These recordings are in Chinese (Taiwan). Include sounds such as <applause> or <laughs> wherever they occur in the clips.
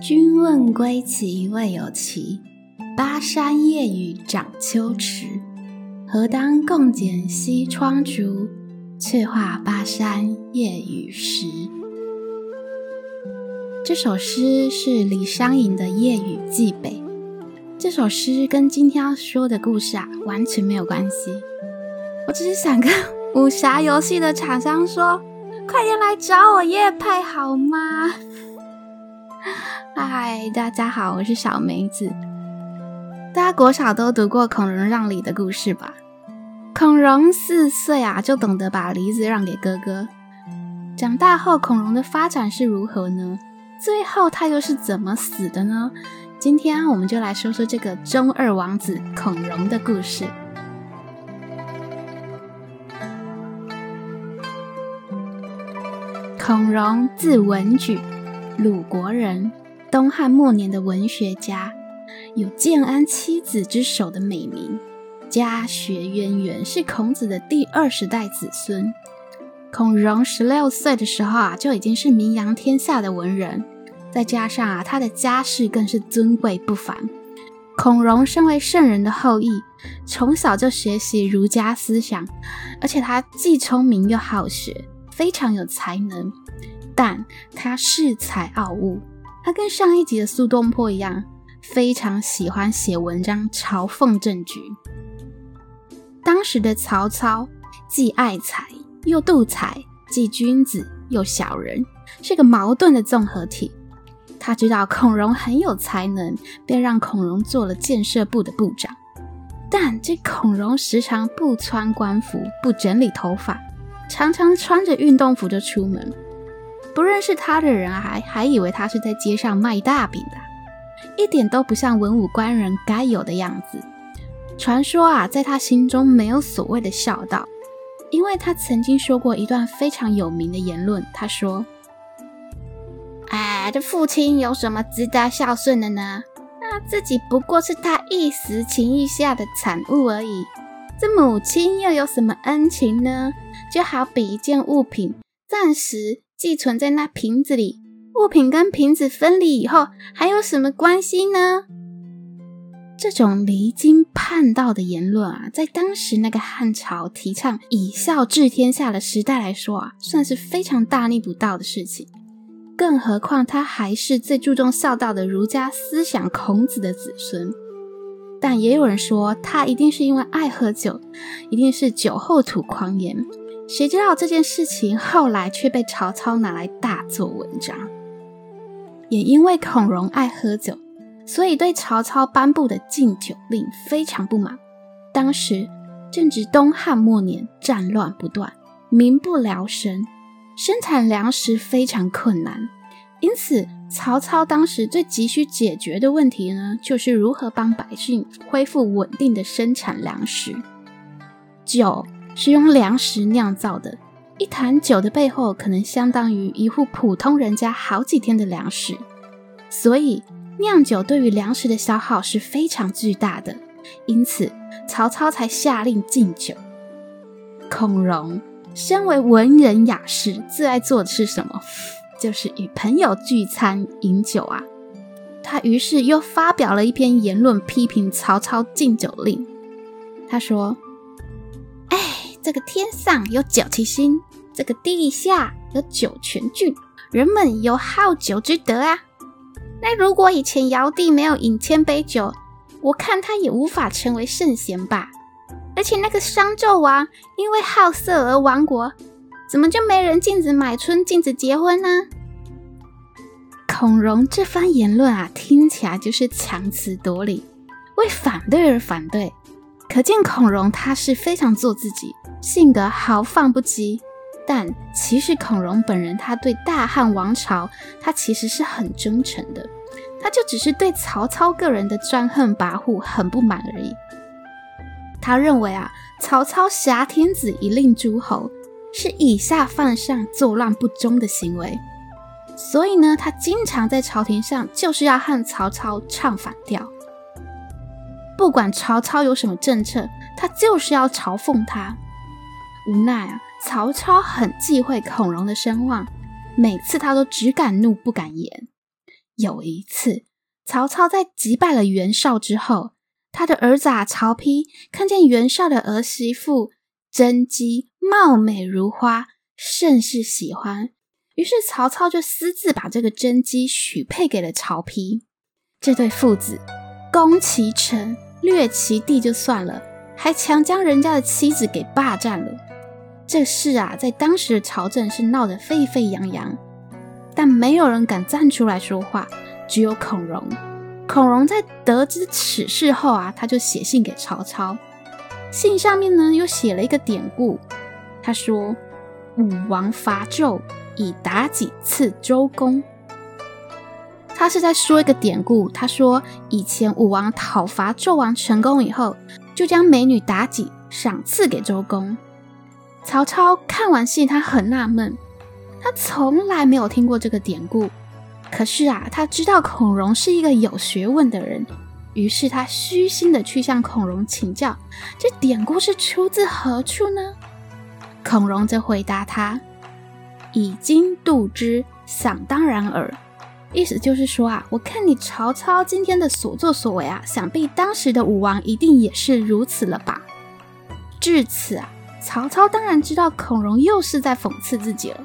君問歸期未有期，巴山夜雨漲秋池。何當共剪西窗燭，卻話巴山夜雨時。這首詩是李商隱的《夜雨寄北》。這首詩跟今天要說的故事啊，完全沒有關係。我只是想跟武俠遊戲的廠商說，快點來找我業配好嗎？嗨，大家好，我是小梅子。大家國小都讀過孔融讓梨的故事吧？孔融四歲啊，就懂得把梨子讓給哥哥。長大後，孔融的發展是如何呢？最後，他又是怎麼死的呢？今天，我們就來說說這個中二王子孔融的故事。孔融字文舉。魯國人，東漢末年的文學家，有建安七子之首的美名。家學淵源，是孔子的第二十代子孫。孔融十六歲的時候啊，就已經是名揚天下的文人。再加上啊，他的家世更是尊貴不凡。孔融身為聖人的後裔，從小就學習儒家思想，而且他既聰明又好學，非常有才能。但他恃才傲物，他跟上一集的蘇東坡一樣，非常喜歡寫文章嘲諷政局。當時的曹操既愛才又妒才，既君子又小人，是個矛盾的綜合體。他知道孔融很有才能，便讓孔融做了建設部的部長。但這孔融時常不穿官服，不整理頭髮，常常穿着運動服就出門。不認識他的人還還以為他是在街上賣大餅的，一點都不像文武官人該有的樣子。傳說啊，在他心中沒有所謂的孝道，因為他曾經說過一段非常有名的言論。他說：“哎，這父親有什麼值得孝順的呢？那自己不過是他一時情欲下的產物而已。這母親又有什麼恩情呢？就好比一件物品，暫時……”寄存在那瓶子裡，物品跟瓶子分離以後還有什麼關係呢？這種離經叛道的言論啊，在當時那個漢朝提倡以孝治天下的時代來說啊，算是非常大逆不道的事情。更何況他還是最注重孝道的儒家思想孔子的子孫。但也有人說，他一定是因為愛喝酒，一定是酒後吐狂言。誰知道這件事情後來卻被曹操拿來大做文章。也因為孔融愛喝酒，所以對曹操頒布的禁酒令非常不滿。當時正值東漢末年，戰亂不斷，民不聊生，生產糧食非常困難。因此，曹操當時最急需解決的問題呢，就是如何幫百姓恢復穩定的生產糧食。酒。是用糧食釀造的，一罈酒的背後可能相當於一戶普通人家好幾天的糧食，所以釀酒對於糧食的消耗是非常巨大的。因此，曹操才下令禁酒。孔融身為文人雅士，最愛做的是什麼？就是與朋友聚餐飲酒啊。他於是又發表了一篇言論批評曹操禁酒令，他說。這個天上有酒旗星，這個地下有酒泉郡，人們有好酒之德啊。那如果以前堯帝沒有飲千杯酒，我看他也無法成為聖賢吧。而且那個商紂王因為好色而亡國，怎麼就沒人禁止買春、禁止結婚呢？孔融這番言論啊，聽起來就是強詞奪理，為反對而反對。可見孔融，他是非常做自己，性格豪放不羈。但其實孔融本人，他對大漢王朝，他其實是很忠誠的。他就只是對曹操個人的專橫跋扈很不滿而已。他認為啊，曹操挾天子以令諸侯，是以下犯上、作亂不忠的行為。所以呢，他經常在朝廷上就是要和曹操唱反調。不管曹操有什麼政策，他就是要嘲諷他。無奈啊，曹操很忌諱孔融的聲望，每次他都只敢怒不敢言。有一次，曹操在擊敗了袁紹之後，他的兒子啊曹丕看見袁紹的兒媳婦甄姬貌美如花，甚是喜歡，於是曹操就私自把這個甄姬許配給了曹丕。這對父子攻其城，掠其地就算了，還強將人家的妻子給霸占了。這事啊，在當時的朝政是鬧得沸沸揚揚，但沒有人敢站出來說話，只有孔融。孔融在得知此事後啊，他就寫信給曹操，信上面呢又寫了一個典故，他說：“武王伐紂，以妲己賜周公。”他是在說一個典故。他說，以前武王討伐紂王成功以後，就將美女妲己賞賜給周公。曹操看完信，他很納悶，他從來沒有聽過這個典故。可是啊，他知道孔融是一個有學問的人，於是他虛心的去向孔融請教，這典故是出自何處呢？孔融則回答他：“以今度之，想當然耳。”意思就是說啊，我看你曹操今天的所作所為啊，想必當時的武王一定也是如此了吧？至此啊，曹操當然知道孔融又是在諷刺自己了。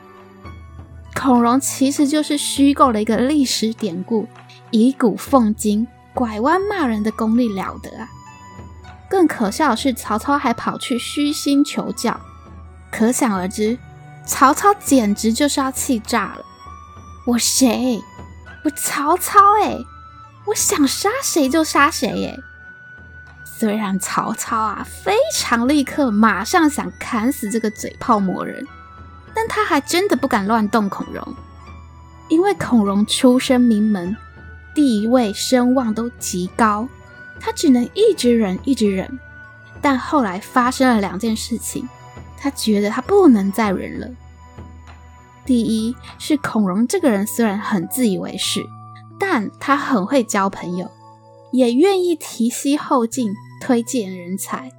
孔融其實就是虛構了一個歷史典故，以古諷今，拐彎罵人的功力了得啊！更可笑的是，曹操還跑去虛心求教，可想而知，曹操簡直就是要氣炸了！我誰？我曹操欸，我想殺誰就殺誰哎！雖然曹操啊非常立刻馬上想砍死這個嘴炮魔人，但他還真的不敢亂動孔融，因為孔融出身名門，地位聲望都極高，他只能一直忍一直忍。但後來發生了兩件事情，他覺得他不能再忍了。第一，是孔融這個人雖然很自以為是，但他很會交朋友，也願意提攜後進，推薦人才，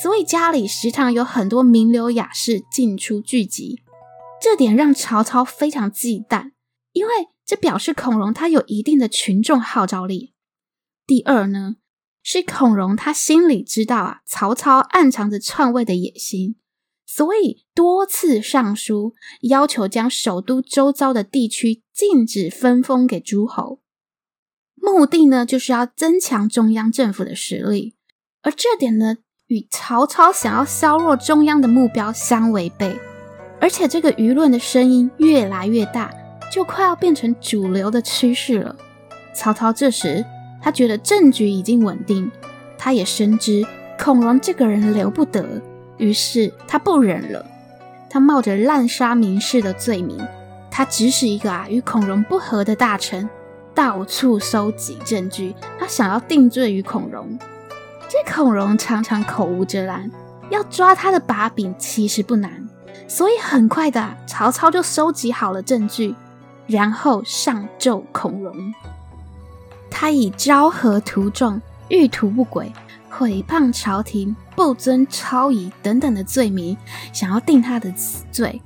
所以家裡時常有很多名流雅士進出聚集，這點讓曹操非常忌憚，因為這表示孔融他有一定的群眾號召力。第二呢，是孔融他心裡知道啊，曹操暗藏着篡位的野心。所以多次上書，要求將首都周遭的地區禁止分封給諸侯。目的呢，就是要增強中央政府的實力。而這點呢，與曹操想要削弱中央的目標相違背。而且，這個輿論的聲音越來越大，就快要變成主流的趨勢了。曹操這時，他覺得政局已經穩定，他也深知孔融這個人留不得。於是他不忍了，他冒着濫殺名士的罪名，他指使一個啊與孔融不和的大臣到處收集證據，他想要定罪於孔融。這孔融常常口無遮攔，要抓他的把柄其實不難，所以很快的、啊、曹操就收集好了證據，然後上奏孔融，他以招合徒眾，欲圖不軌，毀謗朝廷。不遵朝儀等等的罪名，想要定他的死罪，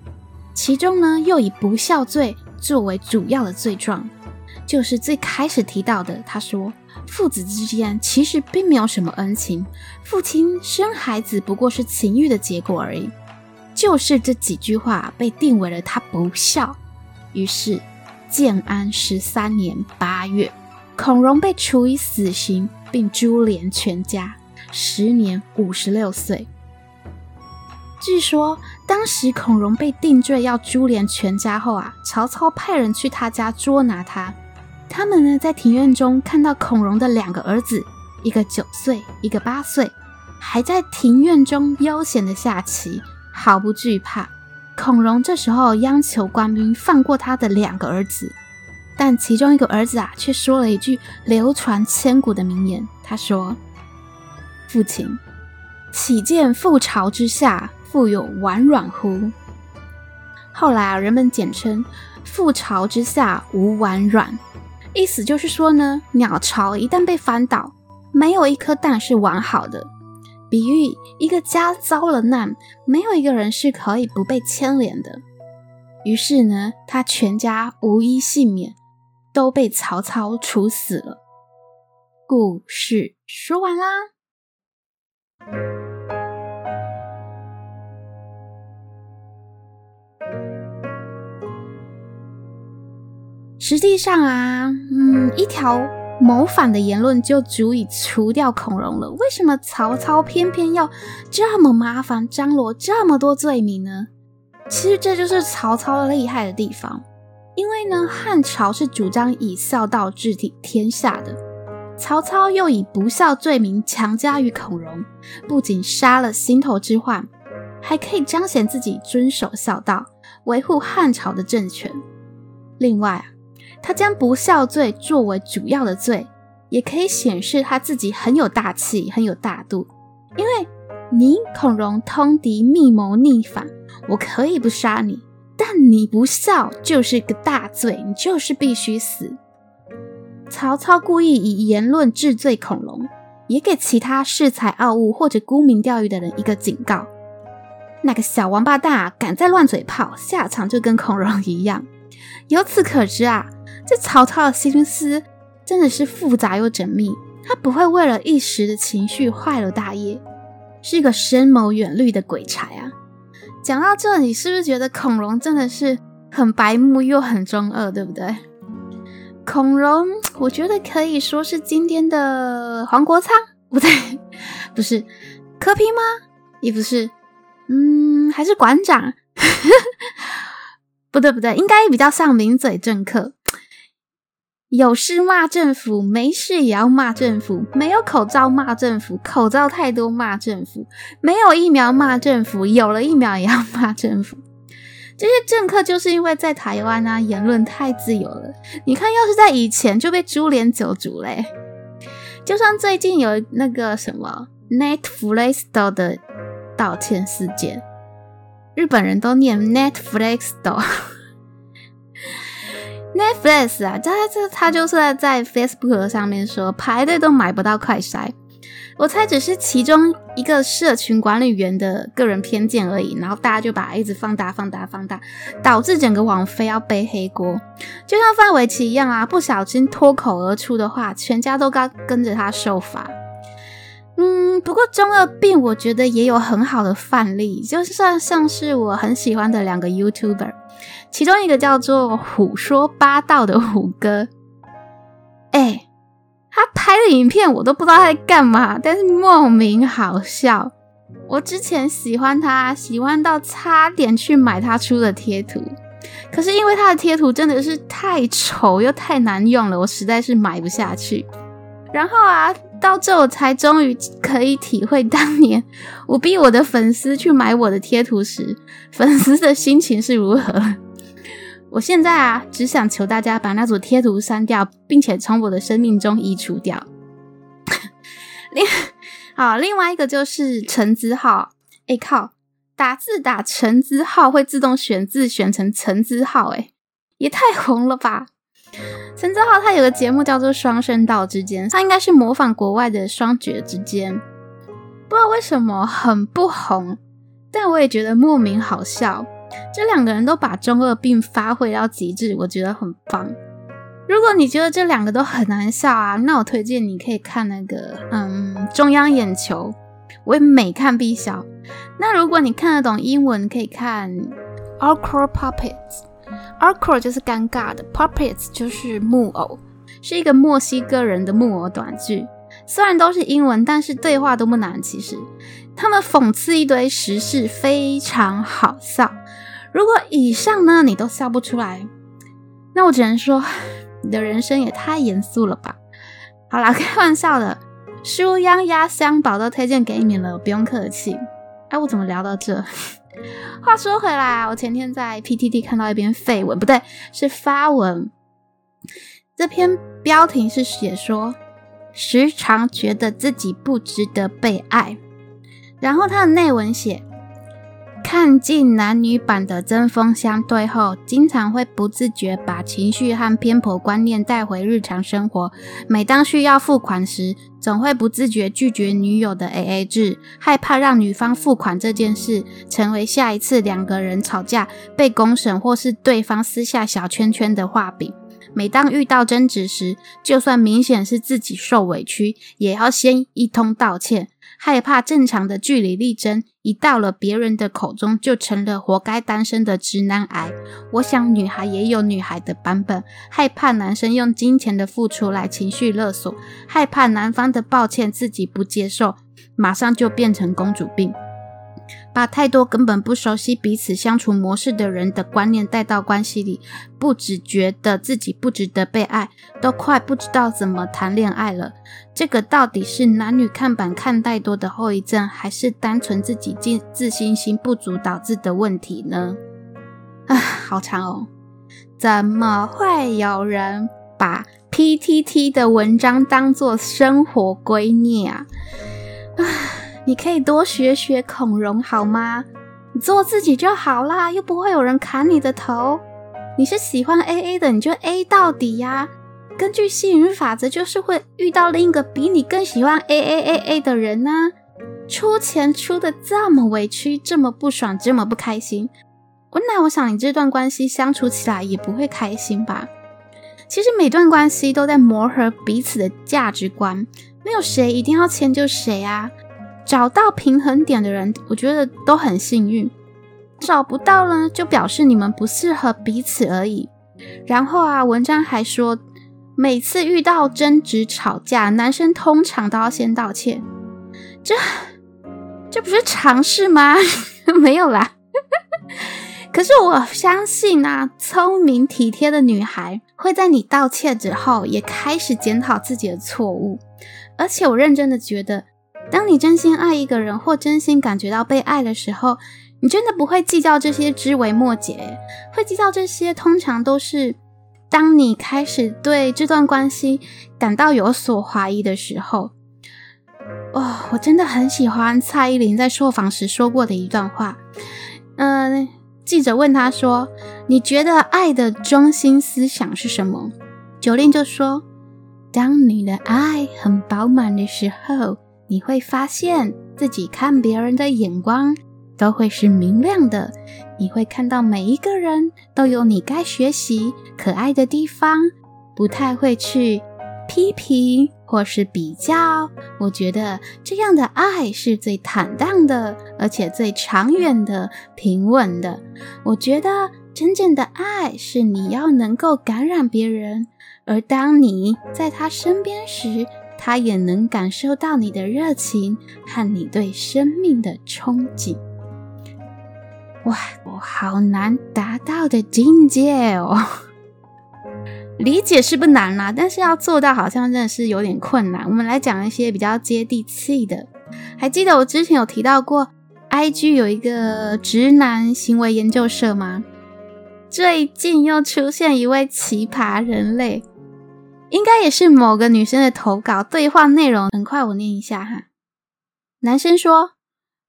其中呢又以不孝罪作為主要的罪狀，就是最開始提到的，他說父子之間其實並沒有什麼恩情，父親生孩子不過是情欲的結果而已，就是這幾句話被定為了他不孝，於是建安十三年八月，孔融被處以死刑，並株連全家。時年五十六歲。據說當時孔融被定罪要株連全家後啊，曹操派人去他家捉拿他。他們呢在庭院中看到孔融的兩個兒子，一個九歲，一個八歲，還在庭院中悠閒的下棋，毫不懼怕。孔融這時候央求官兵放過他的兩個兒子，但其中一個兒子啊卻說了一句流傳千古的名言，他說。父親，豈見覆巢之下，復有完卵乎？後來啊，人們簡稱“覆巢之下無完卵”，意思就是說呢，鳥巢一旦被翻倒，沒有一顆蛋是完好的，比喻一個家遭了難，沒有一個人是可以不被牽連的。於是呢，他全家無一幸免，都被曹操處死了。故事說完啦。實際上啊，嗯，一條謀反的言論就足以除掉孔融了。為什麼曹操偏偏要這麼麻煩，張羅這麼多罪名呢？其實這就是曹操厲害的地方，因為呢，漢朝是主張以孝道治體天下的。曹操又以不孝罪名強加於孔融，不僅殺了心頭之患，還可以彰顯自己遵守孝道，維護漢朝的政權。另外，他將不孝罪作為主要的罪，也可以顯示他自己很有大氣，很有大度。因為你孔融通敵密謀逆反，我可以不殺你，但你不孝就是個大罪，你就是必須死。曹操故意以言論治罪孔融，也給其他恃才傲物，或者沽名釣譽的人一個警告。那個小王八蛋啊，敢再亂嘴炮，下場就跟孔融一樣。由此可知啊，這曹操的心思真的是複雜又縝密，他不會為了一時的情緒壞了大業，是一個深謀遠慮的鬼才啊。講到這裡，你是不是覺得孔融真的是很白目又很中二，對不對？孔融，我覺得可以說是今天的黃國昌，不對，不是柯 P 嗎？也不是，嗯，還是館長？ <laughs> 不對，不對，應該比較像名嘴政客，有事罵政府，沒事也要罵政府，沒有口罩罵政府，口罩太多罵政府，沒有疫苗罵政府，有了疫苗也要罵政府。這些政客就是因為在台灣啊，言論太自由了。你看，要是在以前就被株連九族嘞。就算最近有那個什麼 Netflix Store 的道歉事件，日本人都念 Netflix Store。 <laughs> Netflix 啊，他他他就是在 Facebook 上面說排隊都買不到快篩。我猜只是其中一個社群管理員的個人偏見而已，然後大家就把他一直放大、放大、放大，導致整個網飛要背黑鍋。就像范瑋琪一樣啊，不小心脫口而出的話，全家都該跟着他受罰。嗯，不過中二病我覺得也有很好的範例，就算像是我很喜歡的兩個 YouTuber，其中一個叫做胡說八道的虎哥。他拍的影片我都不知道他在幹嘛，但是莫名好笑。我之前喜歡他，喜歡到差點去買他出的貼圖，可是因為他的貼圖真的是太醜又太難用了，我實在是買不下去。然後啊，到這我才終於可以體會當年我逼我的粉絲去買我的貼圖時，粉絲的心情是如何。我現在啊，只想求大家把那組貼圖刪掉，並且從我的生命中移除掉。 <laughs> 另，好，另外一個就是陳子浩，誒、欸、靠，打字打陳子浩會自動選字選成陳子浩、欸，哎，也太紅了吧！陳子浩他有個節目叫做《雙聲道之間》，他應該是模仿國外的《雙絕之間》，不知道為什麼很不紅，但我也覺得莫名好笑。這兩個人都把中二病發揮到極致，我覺得很棒。如果你覺得這兩個都很難笑啊，那我推薦你可以看那個，嗯，中央眼球，我也每看必笑。那如果你看得懂英文，可以看《Awkward Puppets》，Awkward 就是尷尬的，Puppets 就是木偶，是一個墨西哥人的木偶短劇。雖然都是英文，但是對話都不難，其實他們諷刺一堆時事，非常好笑。如果以上呢你都笑不出來，那我只能說你的人生也太嚴肅了吧。好啦，開玩笑的，書央壓箱寶都推薦給你了，不用客氣。哎，我怎麼聊到這？話說回來，我前天在 PTT 看到一篇廢文，不對，是發文。這篇標題是寫說時常覺得自己不值得被愛，然後它的內文寫。看盡男女版的針鋒相對後，經常會不自覺把情緒和偏頗觀念帶回日常生活。每當需要付款時，總會不自覺拒絕女友的 AA 制，害怕讓女方付款這件事成為下一次兩個人吵架被公審或是對方私下小圈圈的話柄。每當遇到爭執時，就算明顯是自己受委屈，也要先一通道歉。害怕正常的據理力爭，一到了別人的口中就成了活該單身的直男癌。我想女孩也有女孩的版本，害怕男生用金錢的付出來情緒勒索，害怕男方的抱歉自己不接受，馬上就變成公主病。把太多根本不熟悉彼此相處模式的人的觀念帶到關係裡，不只覺得自己不值得被愛，都快不知道怎麼談戀愛了。這個到底是男女看板看太多的後遺症，還是單純自己自自信心不足導致的問題呢？啊，好慘哦！怎麼會有人把 PTT 的文章當作生活圭臬啊？啊！你可以多學學孔融好嗎？你做自己就好啦，又不會有人砍你的頭。你是喜歡 A A 的，你就 A 到底呀。根據吸引力法則，就是會遇到另一個比你更喜歡 A A A A 的人呢。出錢出得這麼委屈，這麼不爽，這麼不開心。我那我想你這段關係相處起來也不會開心吧？其實每段關係都在磨合彼此的價值觀，沒有誰一定要遷就誰啊。找到平衡點的人，我覺得都很幸運；找不到呢，就表示你們不適合彼此而已。然後啊，文章還說，每次遇到爭執吵架，男生通常都要先道歉。這這不是常識嗎？ <laughs> 沒有啦。 <laughs> 可是我相信啊，聰明體貼的女孩會在你道歉之後，也開始檢討自己的錯誤。而且，我認真的覺得。當你真心愛一個人，或真心感覺到被愛的時候，你真的不會計較這些枝微末節。會計較這些，通常都是當你開始對這段關係感到有所懷疑的時候。哦、oh,，我真的很喜歡蔡依林在受訪時說過的一段話。嗯、uh,，記者問她說：“你覺得愛的中心思想是什麼？”Jolin 就說：“當你的愛很飽滿的時候。”你會發現自己看別人的眼光都會是明亮的，你會看到每一個人都有你該學習可愛的地方，不太會去批評或是比較。我覺得這樣的愛是最坦蕩的，而且最長遠的、平穩的。我覺得真正的愛是你要能夠感染別人，而當你在他身邊時，他也能感受到你的熱情和你對生命的憧憬。哇，我好難達到的境界哦！理解是不難啦、啊，但是要做到，好像真的是有點困難。我們來講一些比較接地氣的。還記得我之前有提到過，IG 有一個直男行為研究社嗎？最近又出現一位奇葩人類。應該也是某個女生的投稿對話內容，很快我念一下哈。男生說：“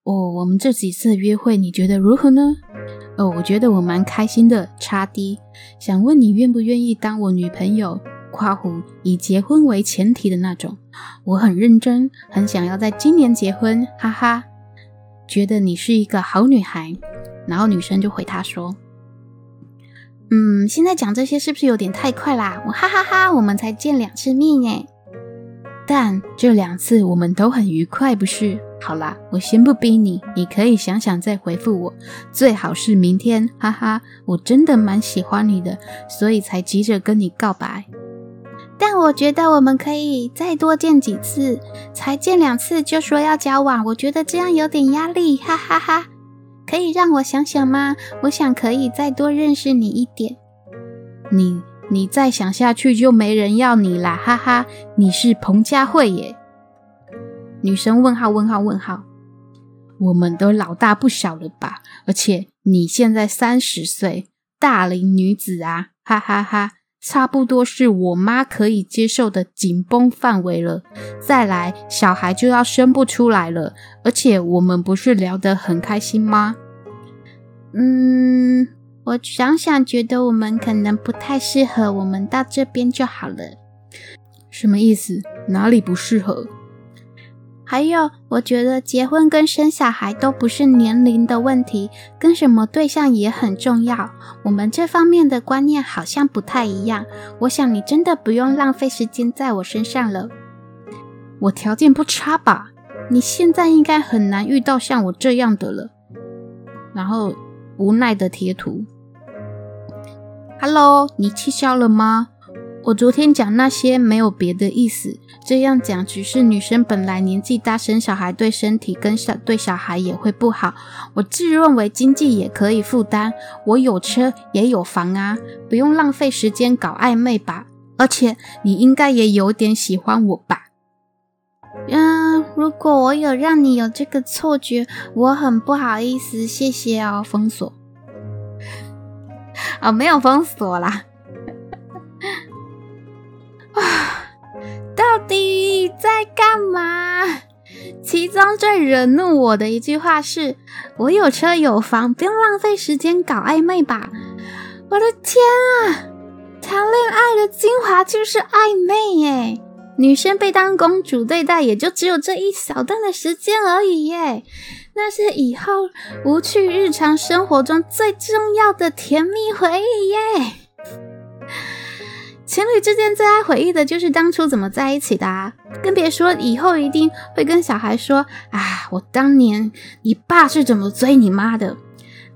哦，我們這幾次約會你覺得如何呢？哦，我覺得我蠻開心的。差低”插 D，想問你願不願意當我女朋友？誇胡以結婚為前提的那種，我很認真，很想要在今年結婚，哈哈，覺得你是一個好女孩。然後女生就回他說。嗯，現在講這些是不是有點太快啦？我，哈哈哈哈，我們才見兩次面哎，但這兩次我們都很愉快，不是？好啦，我先不逼你，你可以想想再回復我，最好是明天，哈哈，我真的蠻喜歡你的，所以才急着跟你告白。但我覺得我們可以再多見幾次，才見兩次就說要交往，我覺得這樣有點壓力，哈哈哈哈。可以讓我想想嗎？我想可以再多認識你一點。你你再想下去就沒人要你啦，哈哈！你是彭佳慧耶，女生問號？問號問號問號？我們都老大不小了吧？而且你現在三十歲，大齡女子啊，哈哈哈哈。差不多是我媽可以接受的緊繃範圍了，再來小孩就要生不出來了，而且我們不是聊得很開心嗎？嗯，我想想，覺得我們可能不太適合，我們到這邊就好了。什麼意思？哪裡不適合？還有，我覺得結婚跟生小孩都不是年齡的問題，跟什麼對象也很重要。我們這方面的觀念好像不太一樣。我想你真的不用浪費時間在我身上了。我條件不差吧？你現在應該很難遇到像我這樣的了。然後無奈的貼圖。Hello，你氣消了嗎？我昨天講那些沒有別的意思，這樣講只是女生本來年紀大生小孩對身體跟小對小孩也會不好。我自認為經濟也可以負擔，我有車也有房啊，不用浪費時間搞曖昧吧？而且你應該也有點喜歡我吧？嗯，如果我有讓你有這個錯覺，我很不好意思。謝謝哦，封鎖啊、 <laughs> 哦，沒有封鎖啦。在幹嘛？其中最惹怒我的一句話是：“我有車有房，不用浪費時間搞曖昧吧。”我的天啊，談戀愛的精華就是曖昧耶！女生被當公主對待，也就只有這一小段的時間而已耶。那是以後無趣日常生活中最重要的甜蜜回憶耶。情侶之間最愛回憶的就是當初怎麼在一起的，啊，更別說以後一定會跟小孩說：“啊，我當年你爸是怎麼追你媽的？”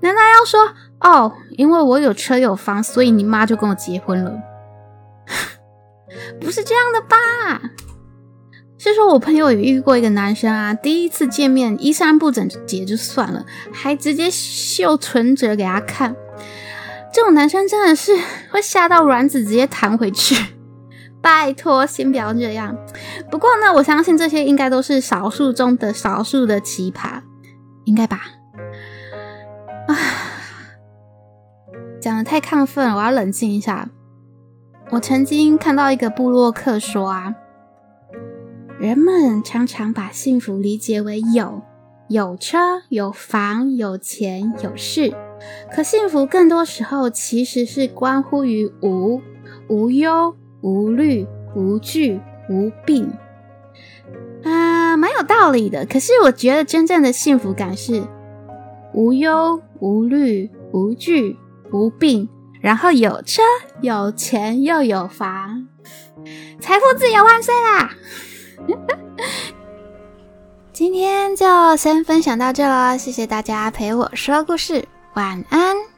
難道要說“哦，因為我有車有房，所以你媽就跟我結婚了”？ <laughs> 不是這樣的吧？是說我朋友也遇過一個男生啊，第一次見面衣衫不整潔就算了，還直接秀存折給他看。這種男生真的是會嚇到卵子直接彈回去， <laughs> 拜託，先不要這樣。不過呢，我相信這些應該都是少數中的少數的奇葩，應該吧？啊，講的太亢奮，我要冷靜一下。我曾經看到一個部落客說啊，人們常常把幸福理解為有有車有房有錢有勢。可幸福更多時候其實是關乎於無無憂無慮無懼，無，懼，無，懼無病啊、呃，蠻有道理的。可是我覺得真正的幸福感是無憂無慮無懼，無，懼無病，然後有車有錢又有房，財富自由萬歲啦！ <laughs> 今天就先分享到這咯，謝謝大家陪我說故事。晚安。